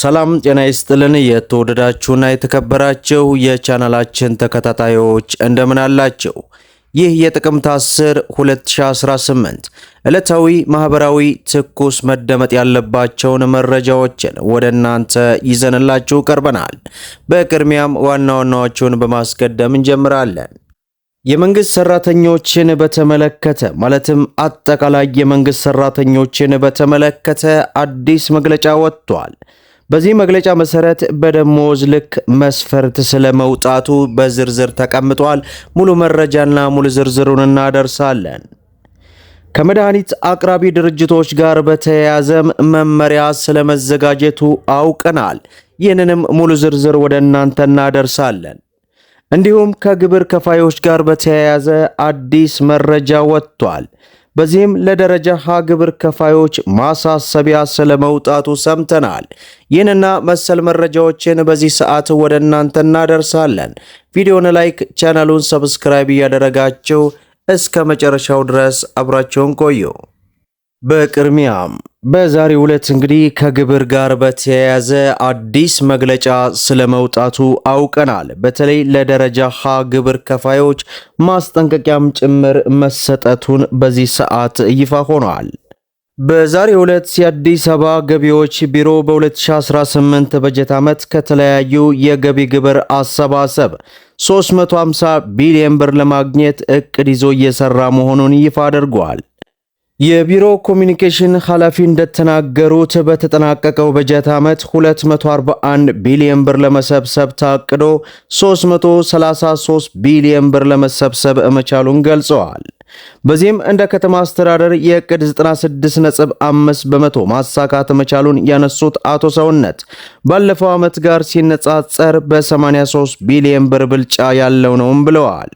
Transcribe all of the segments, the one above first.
ሰላም ጤና ይስጥልን። የተወደዳችሁና የተከበራችሁ የቻናላችን ተከታታዮች እንደምን አላችሁ? ይህ የጥቅምት 10 2018 ዕለታዊ ማህበራዊ ትኩስ መደመጥ ያለባቸውን መረጃዎችን ወደ እናንተ ይዘንላችሁ ቀርበናል። በቅድሚያም ዋና ዋናዎቹን በማስቀደም እንጀምራለን። የመንግስት ሰራተኞችን በተመለከተ ማለትም አጠቃላይ የመንግስት ሰራተኞችን በተመለከተ አዲስ መግለጫ ወጥቷል። በዚህ መግለጫ መሰረት በደሞዝ ልክ መስፈርት ስለመውጣቱ በዝርዝር ተቀምጧል። ሙሉ መረጃና ሙሉ ዝርዝሩን እናደርሳለን። ከመድኃኒት አቅራቢ ድርጅቶች ጋር በተያያዘም መመሪያ ስለመዘጋጀቱ አውቀናል። ይህንንም ሙሉ ዝርዝር ወደ እናንተ እናደርሳለን። እንዲሁም ከግብር ከፋዮች ጋር በተያያዘ አዲስ መረጃ ወጥቷል። በዚህም ለደረጃ ሀ ግብር ከፋዮች ማሳሰቢያ ስለመውጣቱ ሰምተናል። ይህንና መሰል መረጃዎችን በዚህ ሰዓት ወደ እናንተ እናደርሳለን። ቪዲዮን ላይክ፣ ቻናሉን ሰብስክራይብ እያደረጋችሁ እስከ መጨረሻው ድረስ አብራቸውን ቆዩ። በቅድሚያም በዛሬው ዕለት እንግዲህ ከግብር ጋር በተያያዘ አዲስ መግለጫ ስለመውጣቱ አውቀናል። በተለይ ለደረጃ ሀ ግብር ከፋዮች ማስጠንቀቂያም ጭምር መሰጠቱን በዚህ ሰዓት ይፋ ሆኗል። በዛሬው ዕለት የአዲስ አበባ ገቢዎች ቢሮ በ2018 በጀት ዓመት ከተለያዩ የገቢ ግብር አሰባሰብ 350 ቢሊዮን ብር ለማግኘት እቅድ ይዞ እየሰራ መሆኑን ይፋ አድርጓል። የቢሮ ኮሚኒኬሽን ኃላፊ እንደተናገሩት በተጠናቀቀው በጀት ዓመት 241 ቢሊዮን ብር ለመሰብሰብ ታቅዶ 333 ቢሊዮን ብር ለመሰብሰብ መቻሉን ገልጸዋል። በዚህም እንደ ከተማ አስተዳደር ነጥብ 96.5 በመቶ ማሳካት መቻሉን ያነሱት አቶ ሰውነት ባለፈው ዓመት ጋር ሲነጻጸር በ83 ቢሊዮን ብር ብልጫ ያለው ነውም ብለዋል።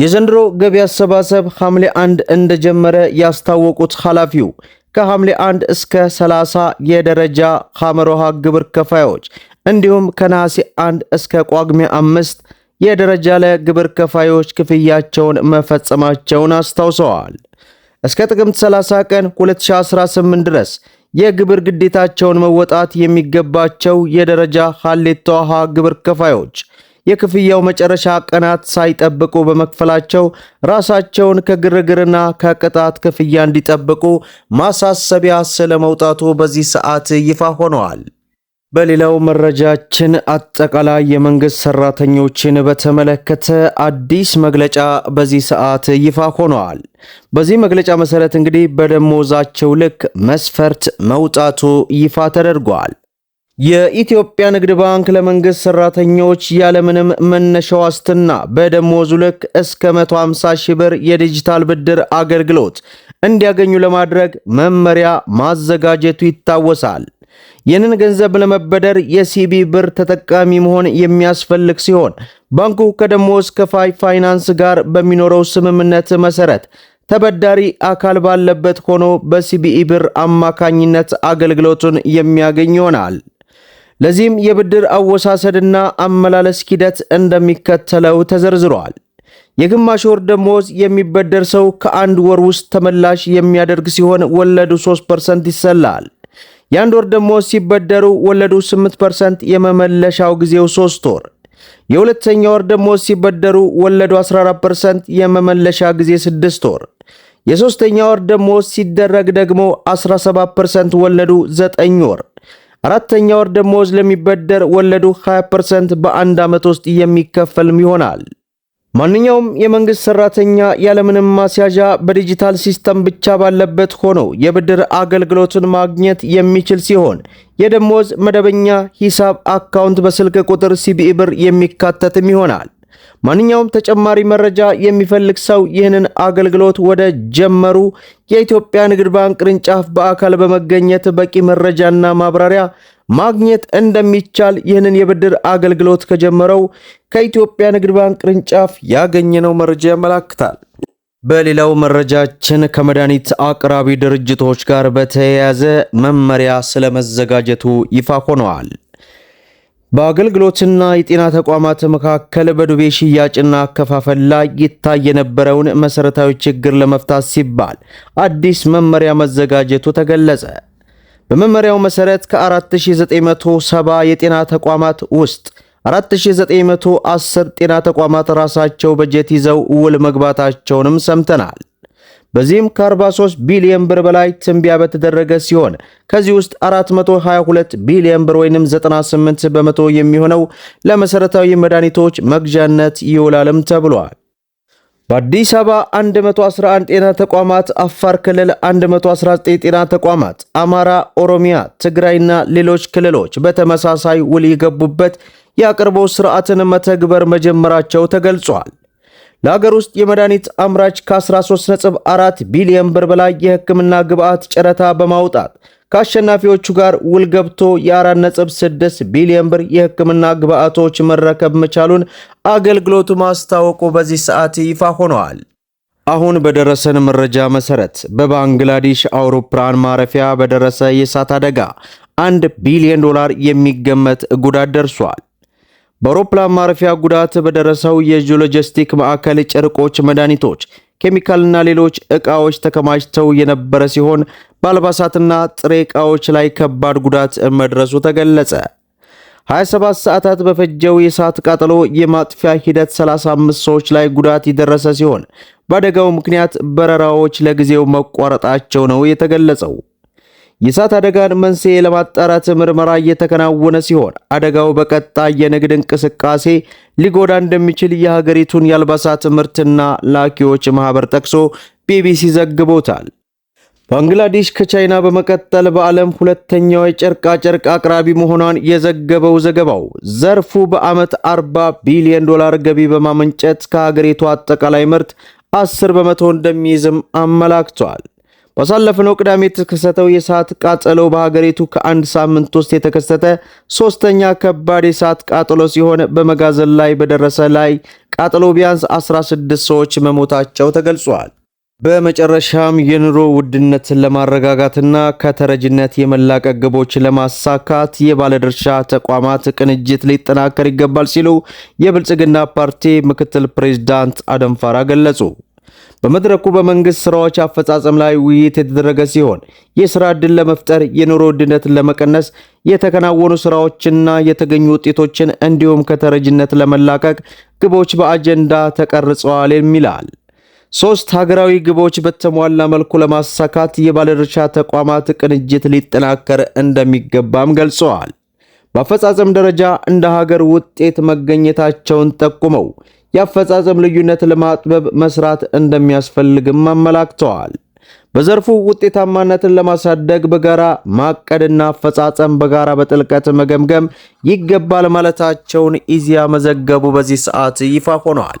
የዘንድሮ ገቢ አሰባሰብ ሐምሌ አንድ እንደጀመረ ያስታወቁት ኃላፊው ከሐምሌ አንድ እስከ 30 የደረጃ ሐመሮሃ ግብር ከፋዮች እንዲሁም ከነሐሴ 1 እስከ ጳጉሜ አምስት የደረጃ ለ ግብር ከፋዮች ክፍያቸውን መፈጸማቸውን አስታውሰዋል። እስከ ጥቅምት 30 ቀን 2018 ድረስ የግብር ግዴታቸውን መወጣት የሚገባቸው የደረጃ ሐሌት ተዋሃ ግብር ከፋዮች የክፍያው መጨረሻ ቀናት ሳይጠብቁ በመክፈላቸው ራሳቸውን ከግርግርና ከቅጣት ክፍያ እንዲጠብቁ ማሳሰቢያ ስለመውጣቱ በዚህ ሰዓት ይፋ ሆነዋል። በሌላው መረጃችን አጠቃላይ የመንግስት ሰራተኞችን በተመለከተ አዲስ መግለጫ በዚህ ሰዓት ይፋ ሆነዋል። በዚህ መግለጫ መሰረት እንግዲህ በደሞዛቸው ልክ መስፈርት መውጣቱ ይፋ ተደርጓል። የኢትዮጵያ ንግድ ባንክ ለመንግስት ሰራተኞች ያለምንም መነሻ ዋስትና በደሞዙ ልክ እስከ 150 ሺህ ብር የዲጂታል ብድር አገልግሎት እንዲያገኙ ለማድረግ መመሪያ ማዘጋጀቱ ይታወሳል። ይህንን ገንዘብ ለመበደር የሲቢ ብር ተጠቃሚ መሆን የሚያስፈልግ ሲሆን ባንኩ ከደሞዝ ከፋይ ፋይናንስ ጋር በሚኖረው ስምምነት መሰረት ተበዳሪ አካል ባለበት ሆኖ በሲቢኢ ብር አማካኝነት አገልግሎቱን የሚያገኝ ይሆናል። ለዚህም የብድር አወሳሰድና አመላለስ ሂደት እንደሚከተለው ተዘርዝሯል። የግማሽ ወር ደሞዝ የሚበደር ሰው ከአንድ ወር ውስጥ ተመላሽ የሚያደርግ ሲሆን ወለዱ 3% ይሰላል። የአንድ ወር ደሞዝ ሲበደሩ ወለዱ 8%፣ የመመለሻው ጊዜው 3 ወር። የሁለተኛ ወር ደሞዝ ሲበደሩ ወለዱ 14%፣ የመመለሻ ጊዜ 6 ወር። የሶስተኛ ወር ደሞዝ ሲደረግ ደግሞ 17% ወለዱ 9 ወር። አራተኛ ወር ደሞዝ ለሚበደር ወለዱ 20% በአንድ ዓመት ውስጥ የሚከፈልም ይሆናል። ማንኛውም የመንግስት ሰራተኛ ያለምንም ማስያዣ በዲጂታል ሲስተም ብቻ ባለበት ሆኖ የብድር አገልግሎትን ማግኘት የሚችል ሲሆን የደሞዝ መደበኛ ሂሳብ አካውንት በስልክ ቁጥር ሲቢኢ ብር የሚካተትም ይሆናል። ማንኛውም ተጨማሪ መረጃ የሚፈልግ ሰው ይህንን አገልግሎት ወደ ጀመሩ የኢትዮጵያ ንግድ ባንክ ቅርንጫፍ በአካል በመገኘት በቂ መረጃና ማብራሪያ ማግኘት እንደሚቻል ይህንን የብድር አገልግሎት ከጀመረው ከኢትዮጵያ ንግድ ባንክ ቅርንጫፍ ያገኘነው መረጃ ያመላክታል። በሌላው መረጃችን ከመድኃኒት አቅራቢ ድርጅቶች ጋር በተያያዘ መመሪያ ስለመዘጋጀቱ ይፋ ሆነዋል። በአገልግሎትና የጤና ተቋማት መካከል በዱቤ ሽያጭና አከፋፈል ላይ ይታይ የነበረውን መሠረታዊ ችግር ለመፍታት ሲባል አዲስ መመሪያ መዘጋጀቱ ተገለጸ። በመመሪያው መሠረት ከ4970 የጤና ተቋማት ውስጥ 4910 ጤና ተቋማት ራሳቸው በጀት ይዘው ውል መግባታቸውንም ሰምተናል። በዚህም ከ43 ቢሊዮን ብር በላይ ትንቢያ በተደረገ ሲሆን ከዚህ ውስጥ 422 ቢሊዮን ብር ወይንም 98 በመቶ የሚሆነው ለመሰረታዊ መድኃኒቶች መግዣነት ይውላልም ተብሏል። በአዲስ አበባ 111 ጤና ተቋማት፣ አፋር ክልል 119 ጤና ተቋማት፣ አማራ፣ ኦሮሚያ፣ ትግራይና ሌሎች ክልሎች በተመሳሳይ ውል የገቡበት የአቅርቦት ስርዓትን መተግበር መጀመራቸው ተገልጿል። ለሀገር ውስጥ የመድኃኒት አምራች ከ13.4 ቢሊዮን ብር በላይ የሕክምና ግብዓት ጨረታ በማውጣት ከአሸናፊዎቹ ጋር ውል ገብቶ የ4.6 ቢሊዮን ብር የሕክምና ግብዓቶች መረከብ መቻሉን አገልግሎቱ ማስታወቁ በዚህ ሰዓት ይፋ ሆነዋል። አሁን በደረሰን መረጃ መሰረት በባንግላዴሽ አውሮፕላን ማረፊያ በደረሰ የእሳት አደጋ አንድ ቢሊዮን ዶላር የሚገመት ጉዳት ደርሷል። በአውሮፕላን ማረፊያ ጉዳት በደረሰው የጂኦሎጂስቲክ ማዕከል ጨርቆች፣ መድኃኒቶች፣ ኬሚካልና ሌሎች ዕቃዎች ተከማችተው የነበረ ሲሆን በአልባሳትና ጥሬ ዕቃዎች ላይ ከባድ ጉዳት መድረሱ ተገለጸ። 27 ሰዓታት በፈጀው የእሳት ቃጠሎ የማጥፊያ ሂደት 35 ሰዎች ላይ ጉዳት የደረሰ ሲሆን በአደጋው ምክንያት በረራዎች ለጊዜው መቋረጣቸው ነው የተገለጸው። የእሳት አደጋን መንስኤ ለማጣራት ምርመራ እየተከናወነ ሲሆን አደጋው በቀጣይ የንግድ እንቅስቃሴ ሊጎዳ እንደሚችል የሀገሪቱን የአልባሳት ምርትና ላኪዎች ማህበር ጠቅሶ ቢቢሲ ዘግቦታል። ባንግላዴሽ ከቻይና በመቀጠል በዓለም ሁለተኛው ጨርቅ አቅራቢ መሆኗን የዘገበው ዘገባው ዘርፉ በዓመት 40 ቢሊዮን ዶላር ገቢ በማመንጨት ከሀገሪቱ አጠቃላይ ምርት 10 በመቶ እንደሚይዝም አመላክቷል። ባሳለፍነው ቅዳሜ የተከሰተው የእሳት ቃጠሎ በሀገሪቱ ከአንድ ሳምንት ውስጥ የተከሰተ ሶስተኛ ከባድ የእሳት ቃጠሎ ሲሆን በመጋዘን ላይ በደረሰ ላይ ቃጠሎ ቢያንስ 16 ሰዎች መሞታቸው ተገልጿል። በመጨረሻም የኑሮ ውድነትን ለማረጋጋትና ከተረጅነት የመላቀቅ ግቦች ለማሳካት የባለድርሻ ተቋማት ቅንጅት ሊጠናከር ይገባል ሲሉ የብልጽግና ፓርቲ ምክትል ፕሬዝዳንት አደም ፋራ ገለጹ። በመድረኩ በመንግስት ስራዎች አፈጻጸም ላይ ውይይት የተደረገ ሲሆን የስራ ዕድል ለመፍጠር፣ የኑሮ ውድነትን ለመቀነስ የተከናወኑ ስራዎችና የተገኙ ውጤቶችን እንዲሁም ከተረጅነት ለመላቀቅ ግቦች በአጀንዳ ተቀርጸዋል የሚላል። ሶስት ሀገራዊ ግቦች በተሟላ መልኩ ለማሳካት የባለድርሻ ተቋማት ቅንጅት ሊጠናከር እንደሚገባም ገልጸዋል። በአፈጻጸም ደረጃ እንደ ሀገር ውጤት መገኘታቸውን ጠቁመው የአፈጻጸም ልዩነት ለማጥበብ መስራት እንደሚያስፈልግም አመላክተዋል። በዘርፉ ውጤታማነትን ለማሳደግ በጋራ ማቀድና አፈጻጸም በጋራ በጥልቀት መገምገም ይገባል ማለታቸውን ኢዜአ መዘገቡ በዚህ ሰዓት ይፋ ሆነዋል።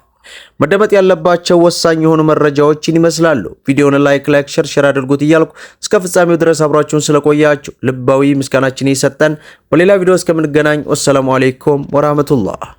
መደመጥ ያለባቸው ወሳኝ የሆኑ መረጃዎችን ይመስላሉ። ቪዲዮውን ላይክ ላይክ ሸር ሸር አድርጉት እያልኩ እስከ ፍጻሜው ድረስ አብራችሁን ስለቆያችሁ ልባዊ ምስጋናችን ይሰጠን። በሌላ ቪዲዮ እስከምንገናኝ ወሰላሙ አሌይኩም ወራህመቱላህ